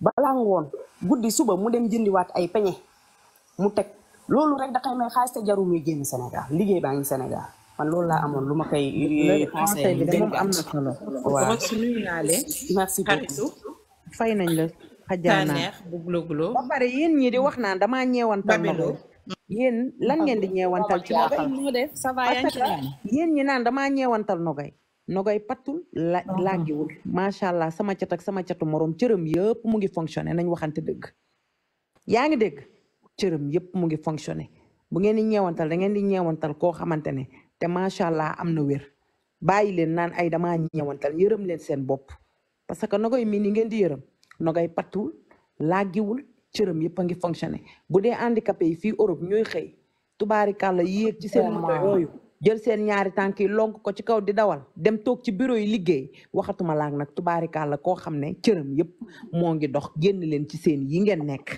balaa ngoon guddi suba mu dem jëndiwaat ay peñe mu teg loolu rek da koy may xaalis te jarul muy génn Sénégal liggéey baa ngi Sénégal man loolu laa amoon lu ma koy. conseil am na solo. waaw nuyu naa leen. fay nañ la. xajaana bu gloglo ba pare yéen ñi di wax naan damaa ñeewantal loxo. yéen lan ngeen di ñeewantal ci loxo. naan damaa ñeewantal nogay nogay patul lagi laagiwul macha allah sama ciat ak sama ciatu morom cërëm yep mu ngi fonctionner nañ waxante deug yaangi deug dégg yep mu ngi fonctionner bu ngeen ni ñewantal da ngeen di ñewantal ko xamantene ne te macha allah am na wér bàyyi leen ay dama ñewantal yeureum len sen bop parce que nogay mi ni ngeen di yeureum nogay lagi wul cërëm yep nga ngi fonctionner bu dé handicapé fi Europe ñoy xey ci sen moto yoyu jël seen ñaari tànk yi lonk ko ci kaw di dawal dem toog ci bureau yi liggéey waxatuma laak nag la koo xam ne cëram yépp moo ngi dox génn leen ci seen yi ngeen nekk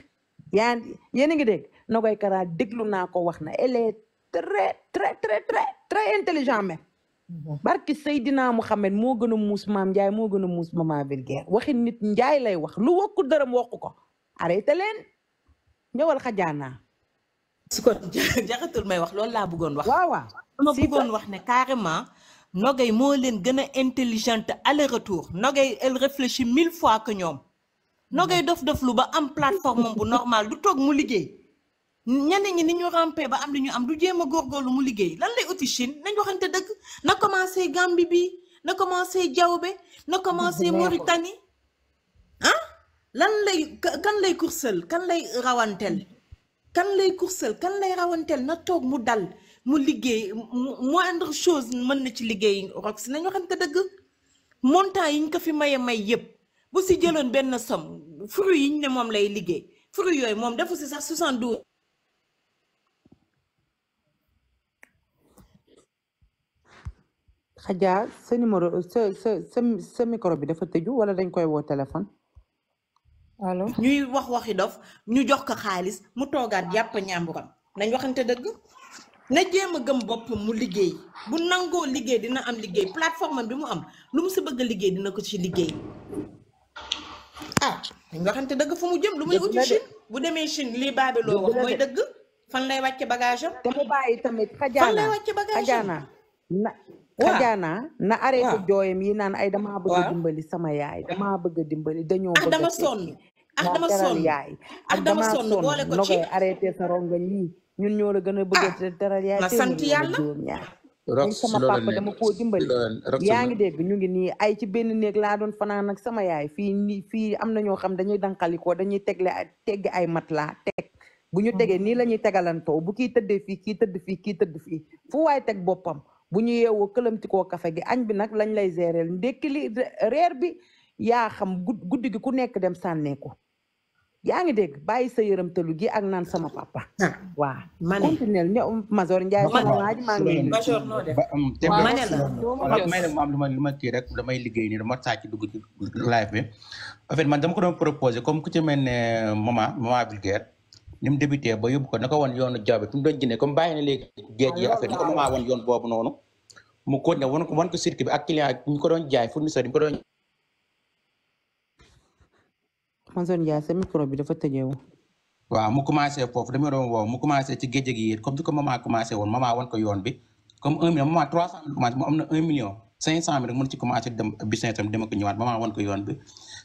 yaa yéen a ngi dégg Nogaye Kara déglu naa ko wax na elle est très très très très intelligent mais mhm. barki Seydina Mouhamed moo gën a muus maam Ndiaye moo gën a muus maman Vulgaire waxi nit njaay lay wax lu wokku dërëm wokku ko arrêté leen ñëwal xajaanaa su jaxatul may wax loolu laa bëggoon wax waaw dama wax carrément Nogay moo leen intelligente aller retour Nogay elle réfléchit mille fois que ñoom Nogay mm-hmm. dof dof lu ba am plateforme bu normal du toog mu liggéey ñeneen ni ñu rampé ba am li ñu am du a mu lan lay uti Chine nañ dëgg na commencé Gambie bi na commencé Diaobé na commencé mm-hmm. Mauritanie ah lan lay lay kursel kan lay rawantel kan lay kursel kan lay rawantel mm-hmm. na toog mu mu liggéey moindre chose mën na ci liggéey nañ nañu waxante dëgg montant yi ñu ko fi maye may yëpp bu si jëloon benn som fruit yi ñu ne moom lay liggéey fruit yooyu moom defu si sax 72. Xaja sa numéro sa sa sa micro bi dafa tëju wala dañ koy woo téléphone. allo ñuy wax waxi dof ñu jox ko xaalis mu toogaat yàpp ñàmburam nañ waxante dëgg. na jéem a gëm boppam mu liggéey bu nangoo liggéey dina am liggéey plateforme bi mu am lu mu si bëgg a liggéey dina ko ci liggéey ah dañ waxante dëgg fu mu jëm lu muy uti Chine bu demee Chine li baabiloo wax mooy dëgg fan lay wàcce bagage am tamit fan na Xajaana na arrêté yi naan ay damaa bëgg a dimbali sama yaay damaa bëgg a dimbali dañoo ah, bëgg a dama sonn ah, dama sonn yaay ah, dama sonn boole ko ci arrêté sa rongañ yi ñun ñoo la gën a bëgg ah, teral yaay sant yàlla rox sama papa dama koo dimbali yaa ngi dégg ñu ngi nii ay ci benn néeg laa doon fanaan ak sama yaay fii nii fii am na ñoo xam dañuy danqalikoo dañuy tegle teggi ay mat laa teg bu ñu tegee nii la ñuy tegalantoo bu kii tëddee fii kii tëdd fii kii tëdd fii fu waaye teg boppam bu ñu yeewoo këlamtikoo kafe gi añ bi nag lañ lay géréel ndékki li reer bi yaa xam guddi gi ku nekk dem sànneeku yaa ngi dégg bàyyi sa yërëmtalu gi ak naan sama papa. Ah. waaw ma ne continué ñoom Mazor Ndiaye. maa ngi lu ma am lu ma lu ma kii rek damay liggéey nii dama saa ci dugg ci live bi. en fait man dama ko doon proposé comme ku ci mel ne maman maman vulgaire ni mu ba yóbbu ko na ko woon yoonu jaww bi fi mu doon jëndee comme bàyyi na léegi géej gi affaire yoon boobu noonu. mu continué wan ko wan ko circuit bi ak client ñu ko doon jaay fournisseur ñu ko doon Mansour Ndiaye sa micro bi dafa tëjeewu waaw mu commencé foofu dama doon woow mu commencé ci géej gi comme ni ko maman commencé woon maman wan ko yoon bi comme un million maman trois cent mille commencé mu am na un million cinq cent mille rek mën ci commencé dem business am dama ko ñëwaat maman wan ko yoon bi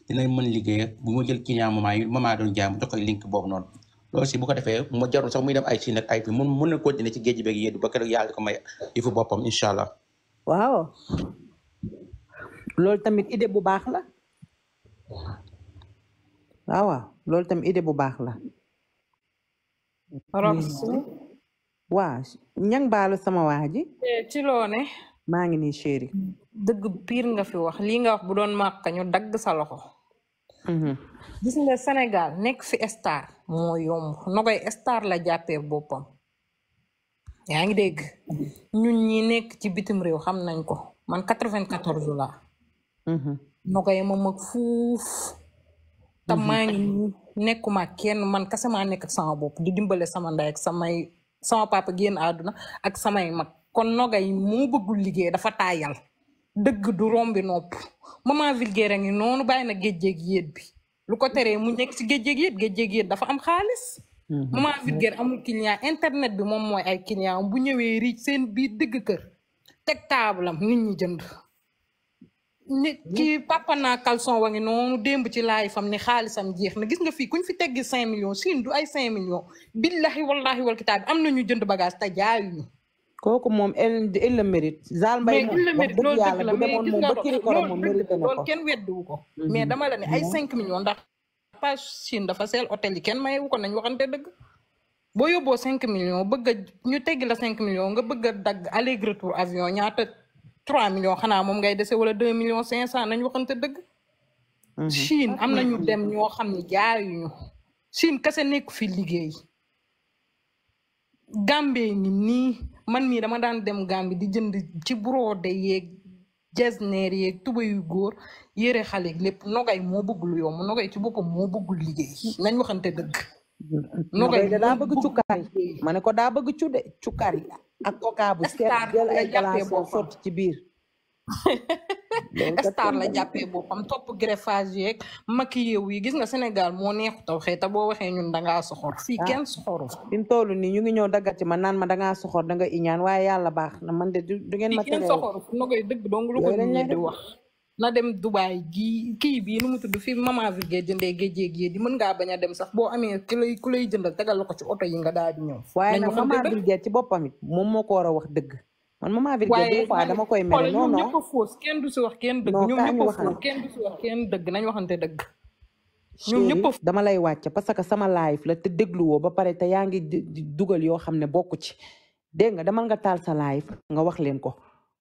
dina mën liggéey bu ma jël client maman yi maman doon jaay mu jox ko link boobu noonu loolu si bu ko defee mu jarul sax muy dem ay Chine ak ay fi mun mun na continuer ci géej beeg yéen ba keroog yàlla ko may yëfu boppam incha allah. waaw loolu tamit idée bu baax la. Awa, lol tem ide bu baax la Roxy waa ñang sama waaji? Eh, ci lo ne Ma ngi ni chéri Deug pir nga fi wax li nga wax bu doon mak ñu dag sa loxo mm-hmm. gis nga Sénégal nek fi star moo yomb nogoy star la jappé bopam. Ya ngi deg. ñun ñi nek ci bitim rew xam nañ ko man quatre-vingt-quatorze no nogoy ma te mhm. maa ngi nekkuma kenn man kese maa nekk ak sama bopp di dimbale sama ndey ak samay sama papa génn àdduna ak samay mag kon nogay moo bëggul liggéey dafa taayal dëgg du rombi nopp maman Vulgaire a ngi noonu bàyyi na géej yéet bi lu ko teree mu nekk si géej yéet géej yéet dafa am xaalis. Mhm. maman Vulgaire amul client internet bi moom mooy ay client bu ñëwee riic seen biir dëgg kër teg taabalam nit ñi jënd. nit ki papa naa caleçon wa ngi noonu démb ci laay fam ni xaalisam jeex na gis nga fii ñu fi teggi cinq millions siin du ay cinq millions billahi wallahi wal kitaab am na ñu jënd bagage te jaayuñu kooku moom il le mérite Zale Mbaye moom moom ba kiri koro moom mérite na ko loolu mhm. dama la ne ay mhm. cinq millions ndax page Chine dafa seel hôtel yi kenn mayewu ko nañ waxante dëgg boo yóbboo cinq millions bëgg ñu teggi la cinq millions nga bëgg a dagg aller retour avion ñaata 3 millions xanaa moom ngay dese wala 2 millions 500 nañ waxante dëgg. Mhm. Chine am nañu ñu dem ñoo xam ne jaayuñu. siin kase nekk fi liggéey. Gambie ni nii man mii dama daan dem Gambie di jënd ci brode yeeg jesneer neer tuba yu góor yére xale lépp nogay moo bëggul lu yomb nogay ci boppam moo bëggul liggéey nañ waxante dëgg. nogay daa bëgg cukkaar yi ne ko daa bëgg cudde cukkaar ak coca bu seet jël ay glaçons sotti ci biir. star la jàppee boppam topp greffage yeeg makiyewu yi gis nga Sénégal moo neex taw xëy te boo waxee ñun dangaa soxor fii ah. kenn soxoru fi mu toll nii ñu ngi ñëw daggati ma naan ma dangaa soxor danga iñaan waaye yàlla baax na man de du ngeen ma tere soxoru fu na koy dong lu di wax na dem Dubaay gii kii bii nu mu tudd fi maman Virgé jëndee géej gi di mën ngaa bañ a dem sax boo amee ku lay ku lay jëndal tegal ko ci oto yi nga daal di ñëw. waaye nag maman Virgé ci boppam it moom moo ko war a wax dëgg. man maman Virgé des fois dama koy mel. non non ñoom ñëpp si wax kenn dëgg. ñoom a fóos kenn du si dëgg nañ waxante dëgg. ñoom ñëpp a dama lay wàcc parce que sama live la te dégluwoo ba pare te yaa ngi dugal yoo xam ne bokku ci dégg nga demal nga taal sa live nga wax leen ko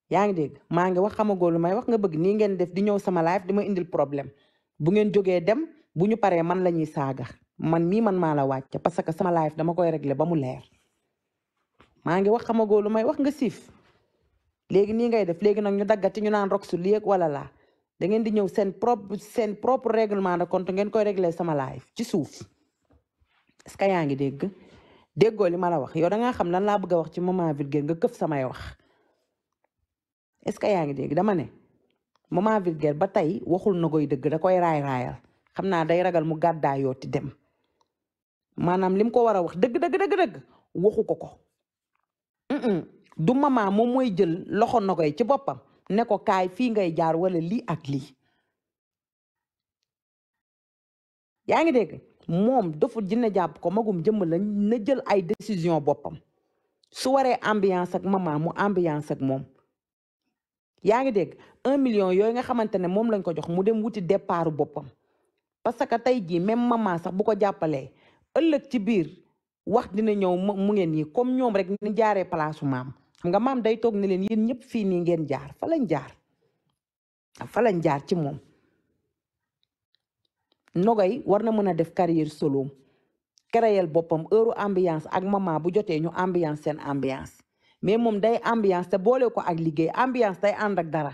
Yang deg, ma nga wax xamagoo lu may wax nga bëgg ni ngeen def di ñew sama live di indil problème bu ngeen joggé dem bu ñu paree man lañuy saga man mi man mala wacc parce que sama live dama koy régler ba mu leer ma nga wax xamagoo lu may wax nga sif légui ni ngay def légui nak ñu daggati ñu naan rok su lii wala laa da ngeen di ñew sen propre sen propre règlement de compte ngeen koy régler sama live ci suuf est ce que yaa ngi dégg li wax yow da nga xam lan laa bëgg wax ci moment vulgaire nga këf sama wax. est-ce que yaa ngi dégg dama ne maman Vulgaire ba tey waxul na koy dëgg da koy raay raayal xam naa day ragal mu gàddaa yooti dem maanaam lim ko war a wax dëgg dëgg dëgg waxu ko ko du maman moom mooy jël loxo na ci boppam ne ko kaay fii ngay jaar wala lii ak lii yaa ngi dégg moom dafa dina jàpp ko magum jëmm lañ jël ay décision boppam su waree ambiance ak maman mu ambiance ak moom yaa ngi dégg un million yooyu nga xamante ne moom lañ ko jox mu dem wuti départu boppam parce que tey jii même maman sax bu ko jàppalee ëllëg ci biir wax dina ñëw mu ngeen nii comme ñoom rek ni jaaree palaasu maam xam nga maam day toog ne leen yéen ñëpp fii nii ngeen jaar fa jaar fa lañ jaar ci moom nogay war na mën a def carrière soloom créer boppam heure ambiance ak maman bu jotee ñu ambiance seen ambiance mais moom day ambiance te boole ko ak liggéey ambiance tey ànd ak dara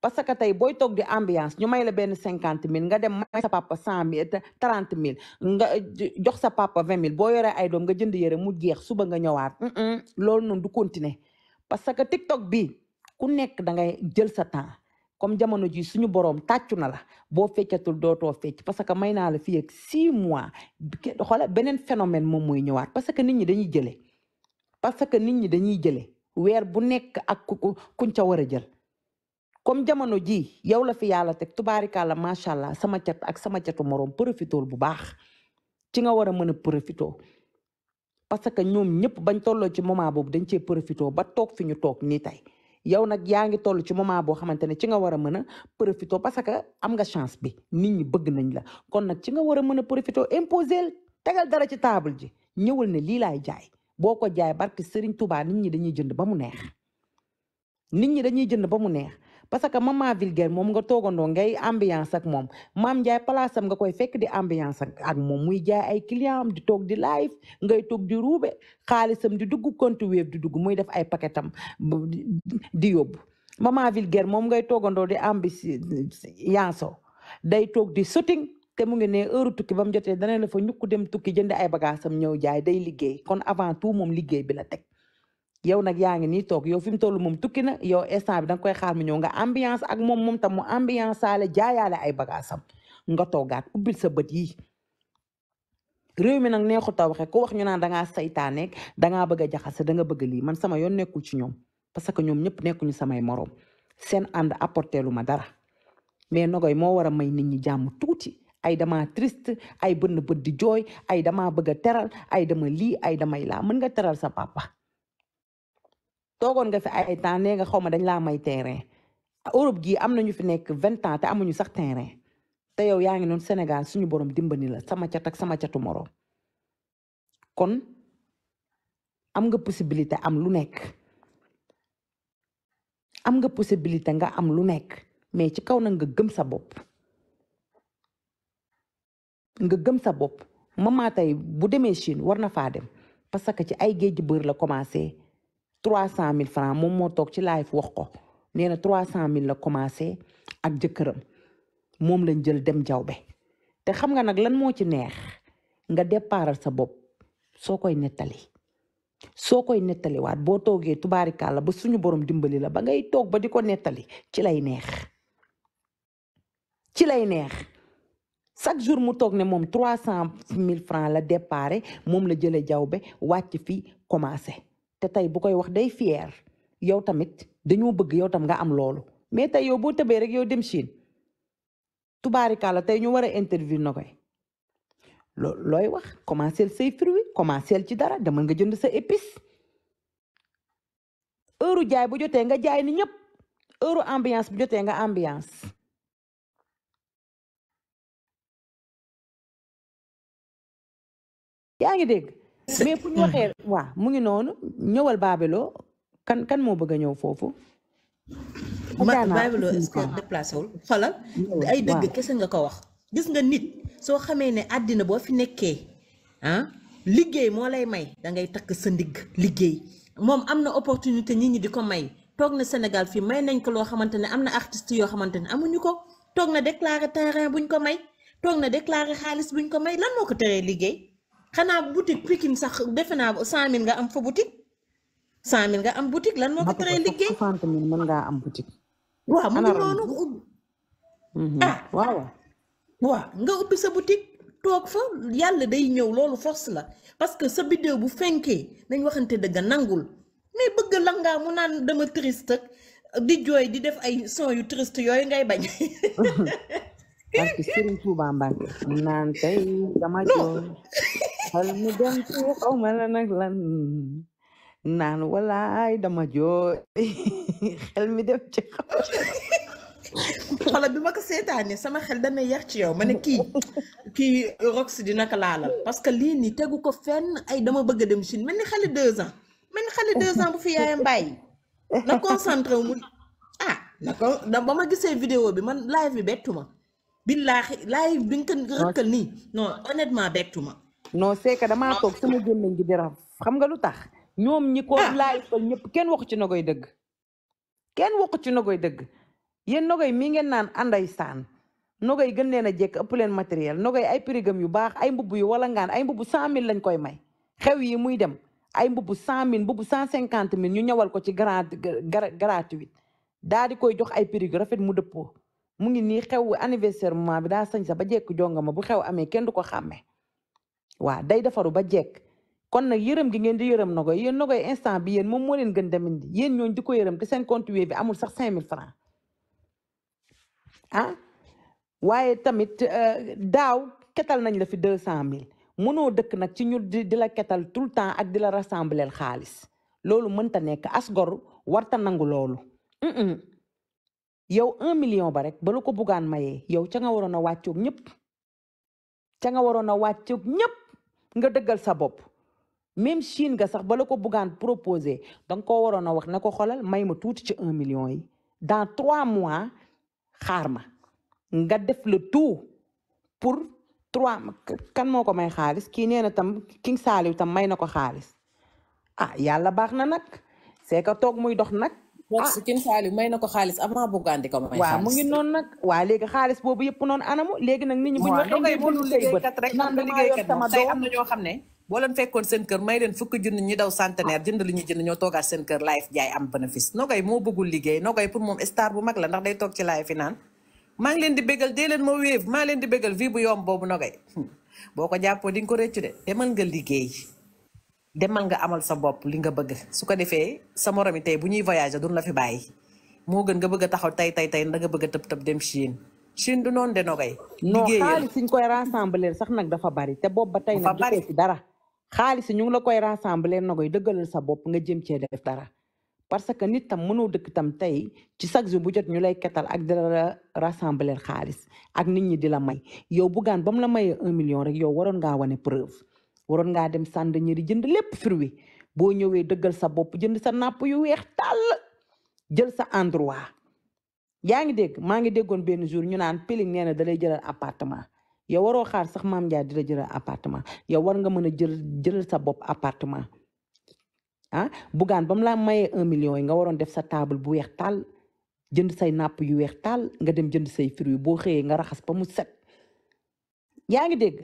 parce que tey booy toog di ambiance ñu may la benn cinquante mille nga dem may sa papa cent mille trente mille nga eh, jox sa papa vingt mille boo yoree ay doom nga jënd yëre mu jeex suba nga ñëwaat loolu na du continuer parce que TikTok bi ku nekk da ngay jël sa temps comme jamono ji suñu borom tàccu na la boo feccatul dootoo fecc parce que may naa la fii ak six mois xoola beneen phénomène moom mooy ñëwaat parce que nit ñi dañuy jëlee parce que nit ñi dañuy jële weer bu nekk ak ku kuñ ca war a jël comme jamono ji yow la fi yàlla teg tubaarikàlla macha allah sama cat ak sama catu moroom profitool bu baax ci nga war a mën a profitoo parce que ñoom ñëpp bañ tolloo ci moment boobu dañ cee profitoo ba toog fi ñu toog nii tey yow nag yaa ngi toll ci moment boo xamante ne ci nga war a mën a profité parce que am nga chance bi nit ñi bëgg nañ la kon nag ci nga war a mën a profité imposé tegal dara ci table ji ñëwal ne lii laay jaay boo ko jaay barki Serigne Touba nit ñi dañuy jënd ba mu neex nit ñi dañuy jënd ba mu neex parce que maman Vulgaire moom nga toogandoo ngay ambiance ak moom maam Ndiaye place am nga koy fekk di ambiance ak moom muy jaay ay client am di toog di live ngay toog di ruube xaalisam di dugg compte di dugg muy def ay paketam di yóbbu maman Vulgaire moom ngay toogandoo di ambiance day toog di shooting te mu ngi ne heure tukki ba mu jotee dana ne fa ñukku dem tukki jënd ay bagaasam ñëw jaay day liggéey kon avant tout moom liggéey bi la teg yow nag yaa ngi nii toog yow fi mu toll moom tukki na yow instant bi danga koy xaar mu ñëw nga ambiance ak moom moom tam mu ambiance saale jaayaale ay bagaasam nga toogaat ubbil sa bët yi réew mi nag neexu ta waxe ko wax ñu naan dangaa saytaaneeg dangaa bëgg a jaxase danga bëgg lii man sama yoon nekkul ci ñoom parce que ñoom ñëpp nekkuñu samay moroom seen ànd apporté lu ma dara mais nogoy moo war a may nit ñi jàmm tuuti ay dama triste ay bënd bëd di joy ay dama bëgg téral ay dama li ay dama la mën nga teral sa papa togon nga fi ay temps nee nga xawma dañ la may terrain Europe gi amna ñu fi nekk 20 ans té amuñu sax terrain té yow yaangi non Sénégal suñu borom dimbali la sama ciat ak sama ciatu moro kon am nga possibilité am lu nekk am nga possibilité nga am lu nekk mais ci kaw na nga gëm sa bop nga gëm sa bopp mama tey bu demee Chine war na faa dem parce que ci ay géej bër la commencé trois cent mille francs moom moo toog ci live wax ko nee na trois cent mille la commencé ak jëkkëram moom lañ jël dem jawbe te xam nga nag lan moo ci neex nga déparal sa bopp soo koy nettali soo koy nettaliwaat boo toogee tubaarikàlla ba suñu borom dimbali la ba ngay toog ba di ko nettali ci lay neex ci lay neex chaque jour mu toog ne moom trois cent mille francs la départ moom la jële jawbe wàcc fi commencé te tey bu koy wax day fier yow tamit dañoo bëgg yow tam nga am loolu mais tey yow boo tëbee rek yow dem Chine tubaarikàlla tey ñu war a interview na koy looy wax commencé say fruit commencé ci dara demal nga jënd sa épice heure jaay bu jotee nga jaay ni ñëpp heure ambiance bu jotee nga ambiance yaa ngi dégg mais fu ñu waxee waa mu ngi noonu ñëwal Babeloo kan kan moo bëgg a ñëw foofu Babeloo est-ce que déplacé wul xoolal ay dëgg kese nga ko wax gis nga nit soo xamee ne àddina boo fi nekkee ah liggéey moo lay may da ngay takk sa ndigg liggéey moom am na opportunité nit ñi di ko may toog na Sénégal fii may nañ ko loo xamante ne am na artiste yoo xamante ne amuñu ko toog na déclaré terrain buñ ko may toog na déclaré xaalis buñ ko may lan moo ko teree liggéey xanaa boutique Pikine sax defe naa ko 100000 nga am fa boutique 100000 nga am boutique lan moo ko teree liggéey 60000 mën ngaa am boutique. mu ngi noonu nga ubbi. Mm-hmm. Mm-hmm. ah nga ubbi sa boutique toog fa yàlla day ñëw loolu force la parce que sa biddew bu fenkee dañ waxante dëgg nangul mais bëgg lan ngaa mu naan dama triste di jooy di def ay son yu triste yooyu ngay bañ. parce que Serigne Touba Mbacke naan tey dama jooy xel mu dem ci xaw ma la nag lan naan walaay dama jooy xel mi dem ci xaw xoolal bi ma ko seetaanee sama xel dana yar ci yow ma ne kii kii rox dina laalal parce que lii nii tegu ko fenn ay dama bëgg dem Chine mel ni xale deux ans mel ni xale deux ans bu fi yaayam bàyyi na concentré wu mu ah ba ma gisee vidéo bi man live bi e bettu ma billaahi live bi nga ko rëkkal nii non honnêtement bektu ma non c'est que toog sama gémmiñ gi dara xam nga lu tax ñoom ñi ko ah. live ko ñëpp kenn waxu ci nogoy dëgg kenn waxu ci nogoy dëgg yéen nogoy mii ngeen naan anday saan nogoy gën leen a jekk ëpp leen matériel nogoy ay prigam yu baax ay mbubb yu wala ngaan ay mbubb cent mille lañ koy may xew yi muy dem ay mbubbu cent mille mbubb cent cinquante mille ñu ñëwal ko ci grand gratuit di koy jox ay prix rafet mu dëppoo mu ngi nii xew anniversaire maman bi daa sañ sa ba jekk jongama bu xew amee kenn du ko xàmme waaw day defaru ba jekk kon nag yërëm gi ngeen di yërëm na koy yéen na instant bi yéen moom moo leen gën demindi yéen ñooñ di ko yërëm te seen compte Wave amul sax cinq mille francs ah waaye tamit euh, daaw ketal nañ la fi deux cent mille mënoo dëkk nag ci ñu di di la ketal tout le temps ak di la rassembler xaalis loolu mënta nekk asgor warta nangu loolu yow un million ba rek ba lu ko bugaan mayee yow ca nga waroon a wàccoog ñëpp ca nga waroon a wàccoog ñëpp nga dëggal sa bopp même Chine nga sax ba la ko bugaan proposé danga ko waroon a wax na ko xolal may ma tuuti ci un million yi dans trois mois xaar ma nga def le tout pour trois kan moo ko may xaalis kii nee na tam ki saaliw tam may na ko xaalis ah yàlla baax na nag c'est que toog muy dox nag ah su may na ko xaalis avant Bougane di ko may. waaw mu ngi noonu nag waaw léegi xaalis boobu yëpp noon anamu léegi nag nit ñi. bu ñu waxee ñu na ñoo xam ne. boo leen fekkoon seen kër may leen fukki junni ñi daw centenaire jënd li ñu jënd ñoo toogaat seen kër live jaay am bénéfice Nogay moo bëggul liggéey Nogay pour moom star bu mag la ndax day toog ci live naan maa ngi leen di bégal dee leen ma wéev maa leen di bégal vie bu yomb boobu Nogay hmm. boo ko jàppoo di ko rëccu liggéey demal nga amal sa bop li nga bëgg su ko défé sa morom yi tey bu ñuy voyage duñ la fi bayyi mo gën nga bëgg taxaw tay tay tay nga bëgg tëp tëp dem Chine Chine du noonu de nogay. liggéeyal non ñu koy rassembler sax nak dafa bari té bop ba tay na dafa bari ci dara xaliss ñu ngi la koy rassembler nogay dëggalal sa bop nga jëm ci def dara. parce que nit tam mënu dëkk tam tay ci sax ju bu jot ñu lay kétal ak di la rassembler xaliss ak nit ñi di la may yow bu gaan bam la may 1 million rek yow waron nga wone preuve waron nga dem sàndañëri jënd lepp fruit bo ñëwé dëggal sa bop jënd sa nap yu wéx tal jël sa endroit yaa dégg ma ngi déggon ben jour ñu naan piling néna na da lay jëlal appartement ya waro xaar sax mam Ndiaye di jëlal appartement ya war nga mëna jël sa bop appartement ah bugan ba mu la mayé 1 million nga waron def sa table bu wéx tal jënd say nap yu wéx tal nga dem jënd say bo nga raxas ba mu set dégg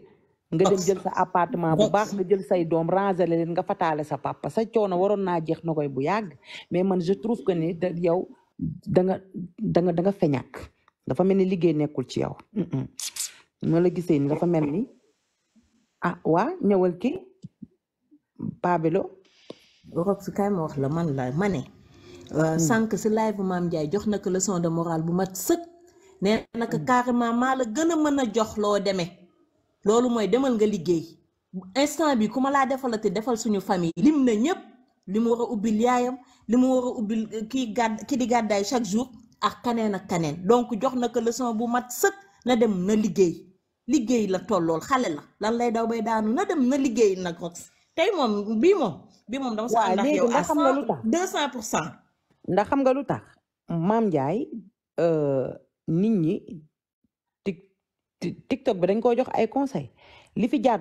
nga dem jël sa appartement bu baax nga jël say doom ranger leen nga fatale sa papa sa coono waroon naa jeex na koy bu yàgg mais man je trouve que ni da da nga da nga da nga dafa mel ni liggéey nekkul ci yow la gisee ni dafa mel ni ah waa ñëwal ki Babilo rob si kay ma wax la man la ma ne euh, mm. sànq si live Mame Ndiaye jox na ko leçon de morale bu mat sëkk nee na ko mm. carrément maa la gën a mën a jox loo demee loolu mooy demal nga liggéey instant bi ku ma laa defalati defal suñu famille lim na ñëpp li mu war a ubbil yaayam li mu war a ubbil euh, kii gàdd ki di gàddaay chaque jour ak kaneen ak kaneen donc jox na ko bu mat sëkk na dem na liggéey liggéey la tollool xale la lan lay daw bay daanu na dem na liggéey nag rox tey moom bii moom bii moom dama sa ndax yow à deux cent pour cent ndax xam nga lu tax Maam Njaay euh, nit ñi TikTok bi dañ koo jox ay conseil li fi jaar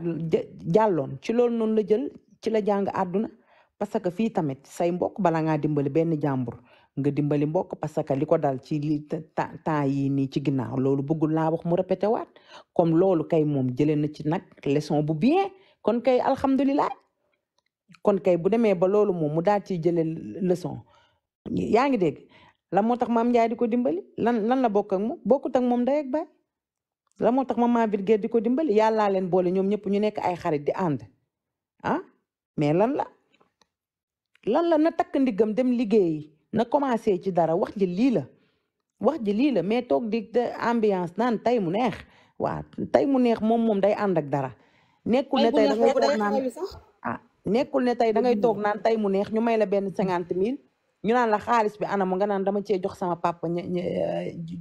jàlloon ci loolu noonu la jël ci la jàng àdduna parce que fii tamit say mbokk bala ngaa dimbali benn jàmbur nga dimbali mbokk parce que li ko dal ci li temps yii nii ci ginnaaw loolu bëggul laa wax mu répété waat comme loolu kay moom jëlee na ci nag leçon bu bien kon kay alhamdulilah kon kay bu demee ba loolu moom mu daal ciy jëlee leçon yaa ngi dégg la moo tax maam Njaay ko dimbali lan lan la bokk ak moom bokkut ak moom day ak la moo tax maman Birguet di ko dimbali yàllaa leen boole ñoom ñëpp ñu nekk ay xarit di ànd ah mais lan la lan la na takk ndiggam dem liggéey na commencé ci dara wax ji lii la wax ji lii la mais toog di ambiance naan tey mu neex waa tey mu neex moom moom day ànd ak dara nekkul ne tey dangay toog naan ah nekkul ne tey dangay toog naan tey mu neex ñu may la benn cinquante mille ñu naan la xaaliss bi anam nga naan dama ci jox sama papa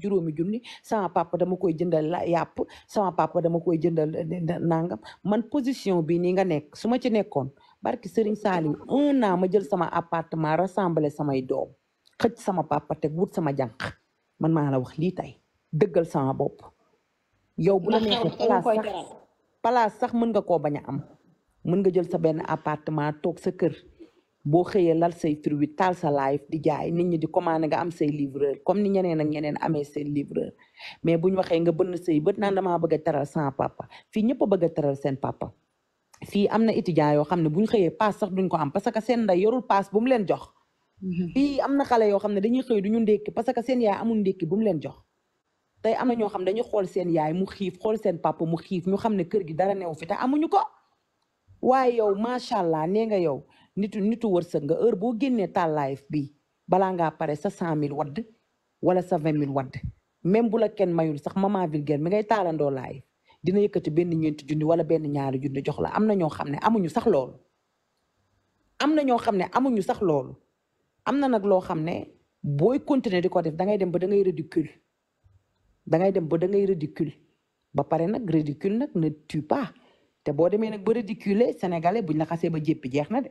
juroomi junni sama papa dama koy jëndal la yap sama papa dama koy jëndal nangam man position bi ni nga nek suma ci nekkon barki Serigne sali un an ma jël sama appartement rassembler sama doom xej sama papa teg wut sama jank man ma la wax li tay deugal sama bop yow bu la nek place sax mën nga ko baña am mën nga jël sa ben appartement tok sa kër boo xëyee lal say fruit taal sa live di jaay nit ñi di commandé nga am say livreur comme ni ñeneen ak ñeneen amee seen livreur mais bu ñu waxee nga bënn say bët naan damaa bëgg a teral sans papa fii ñëpp a bëgg seen papa fii am na étudiant yoo xam ne bu ñu xëyee paas sax duñ ko am parce que seen nday yorul paas bu leen jox mm-hmm. fii am na xale yoo xam ne dañuy xëy ñu ndékki parce que seen yaay amul ndékki bu mu leen jox tey am na ñoo xam dañu xool seen yaay mu xiif xool seen papa mu xiif ñu xam ne kër gi dara newu fi amuñu ko waaye yow macha allah nee nga yow nitu nitu wërsëg nga heure bo génnee ta life bi bala nga pare sa 100000 wad wala sa 20000 wad même bu la ken mayul sax mama vulgaire mi ngay talando life dina yëkëti ben ñent jundi wala ben ñaari jundi jox la amna ño xamné amuñu sax lool amna ño xamné amuñu sax lool amna nak lo xamné boy continuer di def da dangay dem ba da ngay ridicule dangay dem ba da ngay ridicule ba pare nak ridicule nak ne tue pas té bo démé nak ba ridiculer sénégalais buñ la xassé ba jéppi jeex dé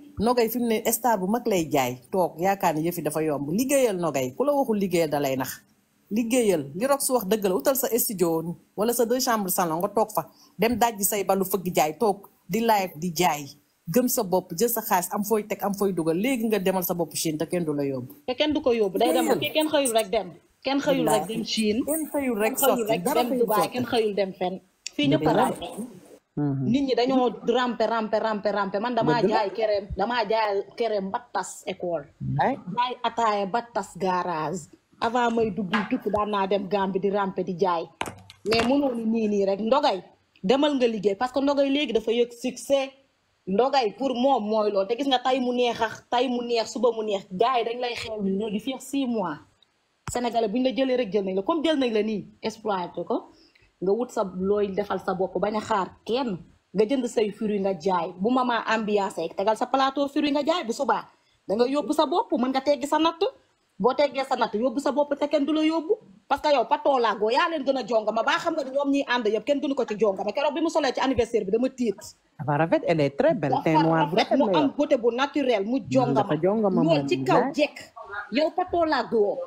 nogay fi mu ne star bu mag lay jaay toog yaakaar ne yëf yi dafa yomb liggéeyal nogay ku la waxul liggéeyal da lay nax liggéeyal li rox su wax dëgg la wutal sa studio wala sa deux sa salon nga toog fa dem dajji say balu fëgg jaay toog di live di jaay gëm sa bopp jël sa xaalis am fooy teg am fooy dugal léegi nga demal sa bopp Chine te kenn du la yóbbu. te kenn du ko yóbbu day dem kenn xëyul rek dem. kenn xëyul rek dem Chine. kenn xëyul rek sotti dara kenn xëyul rek dem Dubaay kenn xëyul dem fenn. fii ñëpp a Mm-hmm. nit ñi dañoo rampe rampe rampe rampe man damaa jaay kere damaa jaay kere ba tas école. jaay ataaye ba tas garage. avant may dugg tukki daan naa dem Gàmbi di rampe di jaay mais mënoo ni nii nii rek ndogay demal nga liggéey parce que ndogay léegi dafa yëg succès ndogay pour moom mooy loolu te gis nga tey mu neexax tey mu neex suba mu neex gars yi dañ lay xew ñu di fii six mois sénégalais bu ñu la jëlee rek jël nañ la comme jël nañ la nii exploité ko nga wut sa looy defal sa bopp bañ a xaar kenn nga jënd say fruits nga jaay bu ma mama ambiance tegal sa plateau fruits nga jaay bu subaa da nga yóbbu sa bopp mën nga teggi sa natt boo teggee sa natt yóbbu sa bopp te kenn du la yóbbu parce que yow patoo laagoo yaa leen gën a jongama ba xam nga ñoom ñuy ànd yëpp kenn duñu ko ci jongama keroog bi mu solee ci anniversaire bi dama tiit. dafa rafet elle est bu rafet mu am beauté bu naturel mu jongama lool ci kaw jekk. yow patoo làgguwoo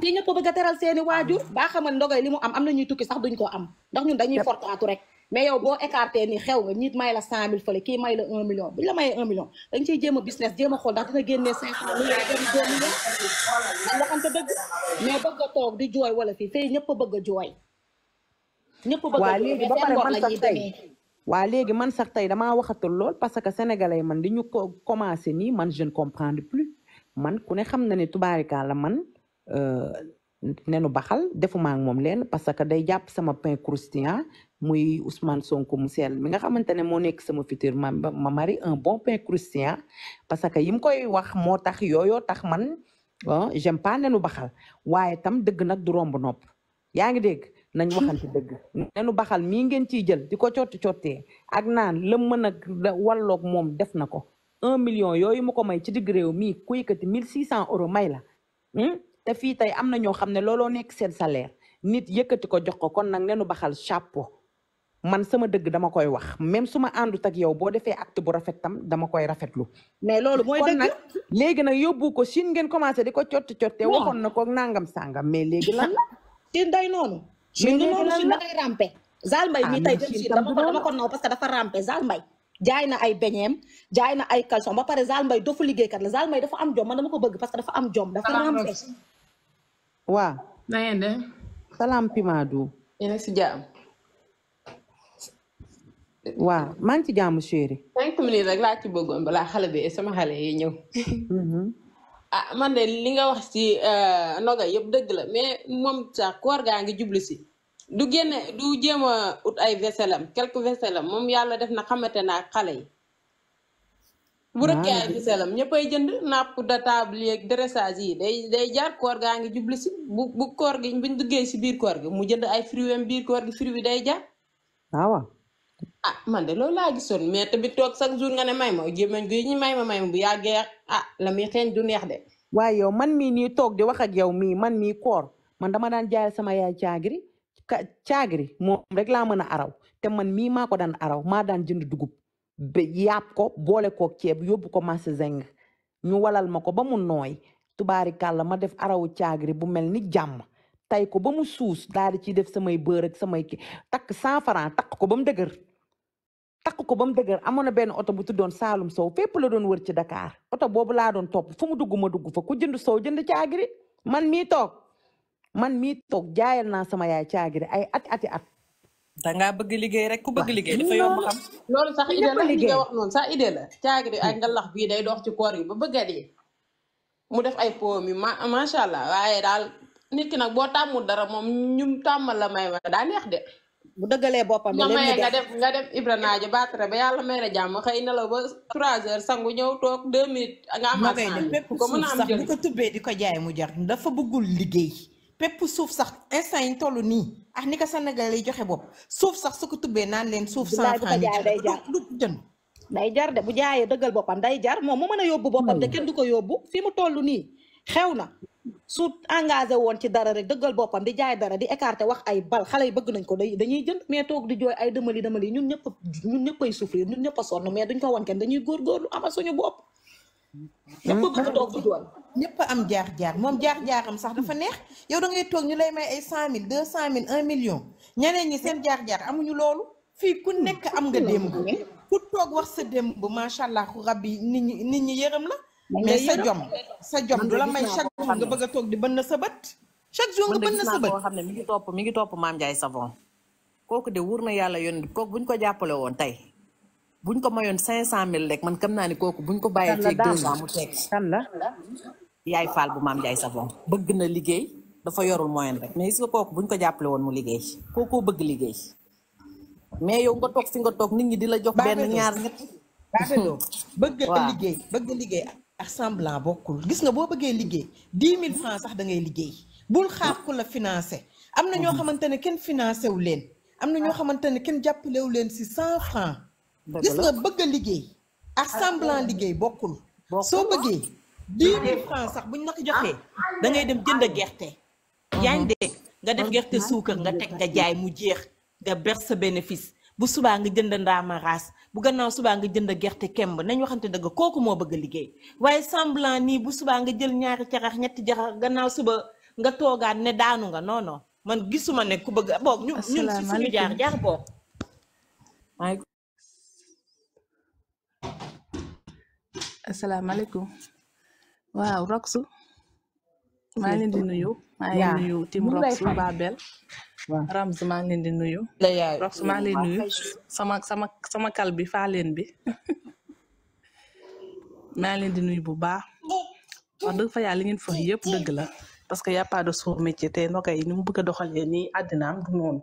te ñëpp bëgg a teral seeni waajur baa xamal ndogay li mu am am na ñuy tukki sax duñ ko am ndax ñun dañuy fortaatu rek mais yow boo écarté ni xew nga ñiit may la cent mille fële kii may la un million buñ la mayee un million dañ ciy jéem a business jéem a xool ndax dina génnee cinq cent mille dem di jooy wala fii fii ñëpp bëgg a jooy ñëpp bëgg a waa léegi man sax tey damaa waxatul lool parce que sénégalais man di ñu ko commencé nii man je comprendre comprends plus man ku ne xam na ne tubaarikaa la man euh, nenu baxal defu ak moom leen parce que day jàpp sama pain croustillant muy Ousmane Sonko mu sell mi nga xamante ne moo nekk sama futur ma ma mari un bon pain croustillant parce que yim koy wax moo tax yooyoo tax man ah, j'aime pas nenu baxal waaye tam dëgg nag du romb nopp yaa ngi dégg nañ waxante dëgg nenu baxal mii ngeen ciy jël di ko cotti cottee ak naan la mën a walloog moom def na ko un million yooyu ma ko may ci digg réew mi ku yëkkati mille six cent euros may la hmm? te fii tey am na ñoo xam ne looloo nekk seen salaire nit yëkkati ko jox ko kon nag nenu baxal chapeau man sama dëgg dama koy wax même su ma àndut ak yow boo defee acte bu rafet tam dama koy rafetlu. mais loolu mooy dëgg nag léegi nag yóbbu ko Chine ngeen commencé de ko cotte cotte. waxoon na ko nangam sàngam mais léegi lan la. Chine day noonu. Chine la ah, noonu Chine da ngay rampé. Zaal Mbay mi tey jëm Chine dama ko dama ko parce que dafa rampé Zaal Mbay. jaay na ay beñeem jaay na ay caleçon ba pare Zale Mbaye dofu liggéeykat la Zale Mbaye dafa am jom man dama ko bëgg parce que dafa am jom dafa rampe waaw na ngeen de salaam si jàmm waaw maa ngi ci jàmm chéri cinq minutes rek laa ci bëggoon balaa xale bi sama xale yi ñëw mhm. ah man de li nga wax si euh, noga yëpp dëgg la mais moom sax koor gaa ngi jublu si du génne du jéem a ut ay veselam quelque veselam moom yàlla def na xamante naa xale yi. bu rëkkee ay veselam ñëppay jënd napp de table yeeg dressage yi day day jaar koor gaa ngi jubli si bu bu koor gi buñ duggee si biir koor gi mu jënd ay fruits biir koor gi fruits bi day jaar. Ah, waaw. ah man de loolu laa gisoon mais tamit toog chaque jour nga ne may ma gémmañ ñu may may bu yàggee ah la muy xeeñ du neex de. waaye yow man mii nii toog di wax ak yow mii man mii koor man dama daan jaay sama yaay caagiri. caagri moom rek laa mën araw te man mii maa ko daan araw maa daan jënd dugub ba yàpp ko boole koog ceeb yóbbu ko marché zeng ñu walal ma ko ba mu nooy tubaari kàlla ma def arawu caagri bu mel ni jàmm tay ko ba mu suus daal di ciy def samay bër ak samay ki takk cent franc takk ko ba mu dëgër takk ko ba mu dëgër amoon na benn oto bu tuddoon Saalum Sow fépp la doon wër ci Dakar oto boobu laa doon topp fu mu dugg ma dugg fa ko jënd sow jënd caagri man mii toog man mi tok jaayal na sama yaay caagiri ay at ati at. da nga bëgg liggéey rek ku bëgg liggéey dafa yomb xam. loolu sax idée la li nga wax non sax idée la caagiri ak ngalax bi day dox ci koor yi ba bëgg di mu def ay poom yi ma macha allah waaye daal nit ki nak bo tamul dara mom ñum tamal la may ma da neex de. bu dëggalee boppam de léegi nga def nga def Ibra naaje batre ba yalla may la jamm xeyna la ba 3 heures sangu ñew tok 2 minutes. nga am ak ko mëna am jël ko tubbee di ko jaay mu jar dafa bëggul liggéey. pépp suuf sax instant yi ñu toll nii ak ah ni ko Sénégal lay joxe bopp suuf sax su ko tubbee naan leen suuf cent francs day jar jën day jar de bu jaayee dëggal boppam day jar moom mu mën a yóbbu boppam te kenn du ko yóbbu fi mu toll nii xew na su engagé woon ci dara rek dëggal boppam di jaay dara di écarté wax ay bal xale yi bëgg nañ ko dañuy jënd mais toog di jooy ay dëmali dëmali ñun ñëpp ñun ñëpp ay souffrir ñun ñëpp a sonn mais duñ ko won kenn dañuy góorgóorlu ama suñu bopp Hmm? ñëpp bëgg a toog ñëpp am jaar-jaar moom jaar-jaaram sax dafa neex yow da toog ñu lay may ay cent mille deux cent mille un million ñeneen ñi seen jaar-jaar amuñu loolu fii ku nekk am nga hmm. démb ku toog wax sa démb macha allah rabbi nit ñi nit ñi yërëm la mais sa jom sa jom du la may chaque jour nga bëgg toog di bënn na sa bët chaque jour nga bën na sa bët xam ne mi ngi topp mi ngi topp Maam Ndiaye Savon kooku de wóor na yàlla yoon kooku buñ ko jàppale woon tey bu buñ ko moyoon cinq cent mille rek man gëm naa ne kooku buñ ko bàyyee fii deux ans mu teg kan yaay faal bu maam Ndiaye boom bëgg na liggéey dafa yorul moyen rek mais gis nga buñ ko jàppale woon mu liggéey kookoo bëgg liggéey mais yow nga toog fi nga toog nit ñi di la jox benn ñaar ñett baabedoo bëgg liggéey bëgg liggéey ak semblant bokkul gis nga boo bëggee liggéey dix mille francs sax da ngay liggéey bul xaar ku la financé am na ñoo mhm. xamante ne kenn financé wu leen am na ñoo ah. xamante ne kenn jàppalewu leen si cent francs gis nga bëgg a liggéey ak semblant ah. liggéey bokkul soo bëggee dix mille francs sax bu ñu ko joxee ah. dangay dem jënd gerte yaa nga def ah. gerte suukar nga teg nga jaay mu jeex nga ber sa bénéfice bu subaa nga jënd ndaama raas bu gannaaw subaa nga jënd gerte kemb nañ waxante dëgg kooku moo bëgg a liggéey waaye semblant nii bu subaa nga jël ñaari carax ñetti jarax gannaaw suba nga toogaat ne daanu nga non non man gisuma ne ku bëgg boog ñun ñun ci suñu jaar jaar boog Assalamualaikum. waaw Roxu maa ngi di nuyu. maa ngi nuyu tim Roxu Babel. Ramz maa ngi di nuyu. Roxu maa ngi nuyu sama sama sama kal bi bi maa ngi di nuyu bu baax wax dëgg fa yàlla li ngeen foog yëpp dëgg la parce que y' a pas de métier te ndox yi ni mu bëgg a doxalee nii àddinaam du noonu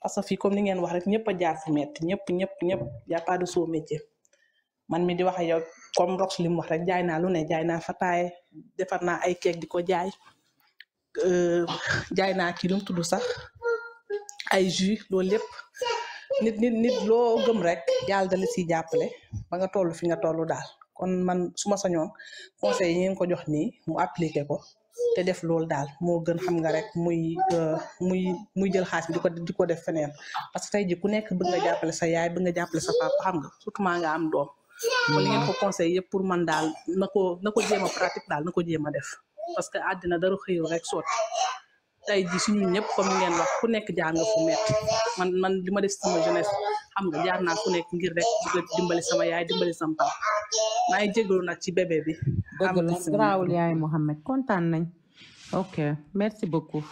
parce que fii comme ni ngeen wax rek ñëpp a jaar si métti ñëpp ñëpp ñëpp y' man mi di wax ak yow comme rox li mu wax rek jaay naa lu ne jaay naa fataay defar naa ay keek di ko jaay euh, jaay naa kii lu tudd sax ay jus loolu lépp nit nit loo gëm rek yàlla dala siy jàppale ba nga toll fi nga toll daal kon man su ma sañoon conseil yi ngeen ko jox nii mu appliqué ko te def loolu daal moo gën xam nga rek muy euh, muy muy jël xaalis di ko di ko def feneen parce que tey ji ku nekk bëgg nga jàppale sa yaay bëgg nga jàppale sa papa xam nga surtout maa nga am doom mu ngeen ko conseil yëpp pour man daal na ko na a pratique daal na ko jéem a def parce que àddina dara xëyul rek sotti tey ji suñu ñëpp comme ngeen wax ku nekk jaar nga fu man man li ma def sama jeunesse xam nga jaar naa ku nekk ngir rek dimbali sama yaay dimbali sama papa maa ngi jégalu nag ci bébé bi. dëgg la garaawul yaay Mouhamed kontaan nañ. ok merci beaucoup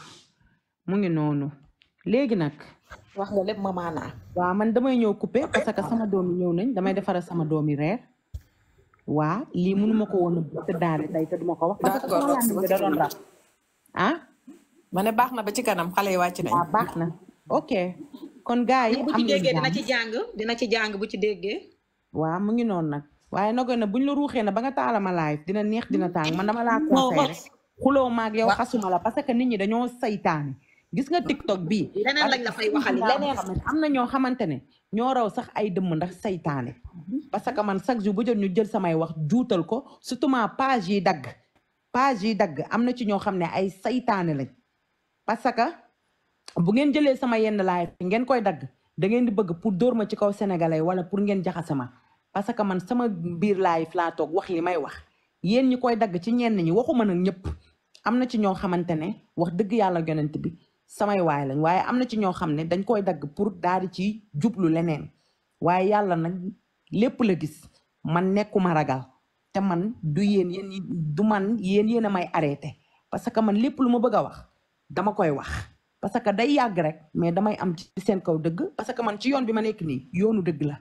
mu ngi noonu léegi nag. wax nga lepp mama na wa man damay ñew coupé parce que sama doomi ñew nañ damay défar sama doomi yi wa li mënu mako wona bëtt daalé tëddaale té duma ko wax. parce que sama làmmiñ da doon rax ah. mané ne na ba ci kanam xalé yi wàcc nañ. waaw baax na ok. kon gaay yi am ñu dina ci jang dina ci jang bu ci déggé wa mu ngi non nak waaye nagoy na buñ la ruxé na ba nga taala ma live dina neex dina tang man dama laa conseillé xulo ma ak yow xasuma la parce que nit ñi dañoo saytane gis nga TikTok bii. leneen lañ am na ñoo xamante ne ñoo raw sax ay dëmm ndax seytaane parce que man chaque jour bu jot ñu jël samay wax juutal ko surtout ma page yi dagg page yi dagg am na ci ñoo xam ne ay saytaane lañ parce que bu ngeen jëlee sama yenn laay ngeen koy dagg da ngeen di bëgg pour dóor ma ci kaw sénégalais wala pour ngeen jaxase ma parce que man sama biir laay laa toog wax li may wax yéen ñi koy dagg ci ñenn ñi waxuma nag ñëpp am na ci ñoo xamante ne wax dëgg yàlla yonent bi. samay waay lañ waaye am na ci ñoo xam ne dañ koy dagg pour daal di ci jublu leneen waaye yàlla nag lépp la gis man nekkuma ragal te man du yéen yéen du man yéen yéen a may arrêté parce que man lépp lu ma bëgg a wax dama koy wax parce que day yàgg rek mais damay am ci seen kaw dëgg parce que man ci yoon bi ma nekk nii yoonu dëgg la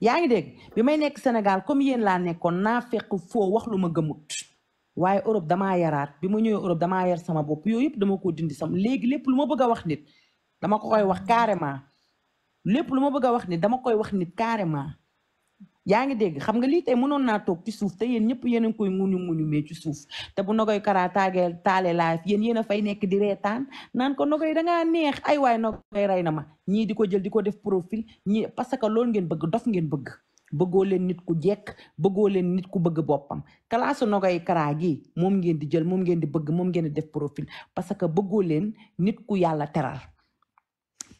yaa ngi dégg bi may nekk Sénégal comme yéen laa nekkoon naa fekk foo wax lu ma gëmut waaye Europe damaa yaraar bi ma ñëwee Europe damaa yar sama bopp yooyu yëpp dama ko dindi sama léegi lépp lu ma bëgg wax nit dama ko koy wax carrément lépp lu ma bëgg a wax nit dama koy wax nit carrément yaa ngi dégg xam nga li tey mënoon naa toog ci suuf te yéen ñëpp yéen a ngi koy muñu muñu mais ci suuf te bu nogoy karaa taagee taale laay yéen yéen a nekk di reetaan naan ko nogoy danga neex ay waay nogoy rey na ma ñii di ko jël di ko def profil ñi parce que loolu ngeen bëgg dof ngeen bëgg bëggoo leen nit ku jekk bëggoo leen nit ku bëgg boppam kalaasu nogay karaa gi moom ngeen di jël moom ngeen di bëgg moom ngeen di def profil parce que bëggoo leen nit ku yàlla teral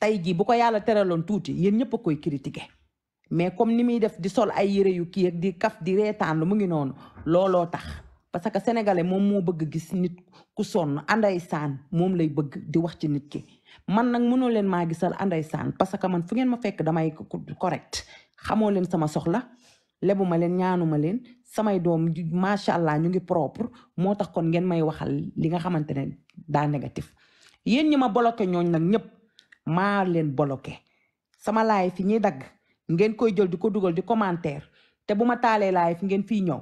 tey jii bu ko yàlla teraloon tuuti yéen ñëpp koy critiquer mais comme ni muy def di sol ay yére yu kii di kaf di reetaan lu mu ngi noonu looloo tax parce que sénégalais moom moo bëgg gis nit ku sonn anday saan moom lay bëgg di wax ci nit ki man nag mënoo leen maa gisal anday saan parce que man fu ngeen ma fekk damay correct xamoo leen sama soxla lebuma leen ñaanuma leen samay doom macha allah ñu ngi propre moo tax kon ngeen may waxal li nga xamante ne daa négatif yéen ñi ma bloqué ñooñ nag ñëpp maa leen bloqué sama laay fi ñuy dagg ngeen koy jol di ko dugal di commentaire te bu ma taalee laay fi ngeen fii ñëw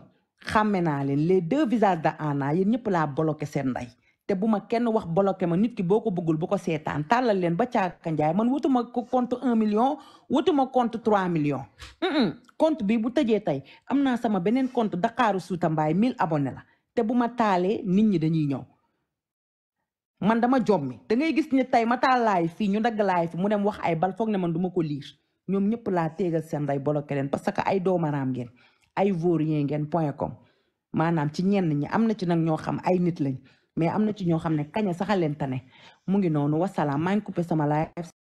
xàmme naa leen le deux visages de Anna yéen ñëpp laa bloqué seen ndey te bu ma kenn wax bloqué ma nit ki boo ko bëggul bu ko seetaan tàllal leen ba caaka njaay man wotuma ko compte un million wutuma compte trois millions compte bi bu tëjee tey am naa sama beneen compte Dakaaru Suuta Mbaay mille abonné la te bu ma taalee nit ñi dañuy ñëw man dama jommi da ngay gis ne tey ma taal laay fii ñu dagg laay fi mu dem wax ay bal foog ne man duma ko liir ñoom ñëpp laa tegal seen rey bloqué leen parce que ay doomaraam geen ay vaurien ngeen point com maanaam ci ñenn ñi am na ci nag ñoo xam ay nit lañ mais am na ci ñoo xam ne kaña sax a leen tane mu ngi noonu wasalaam maa ngi coupé sama live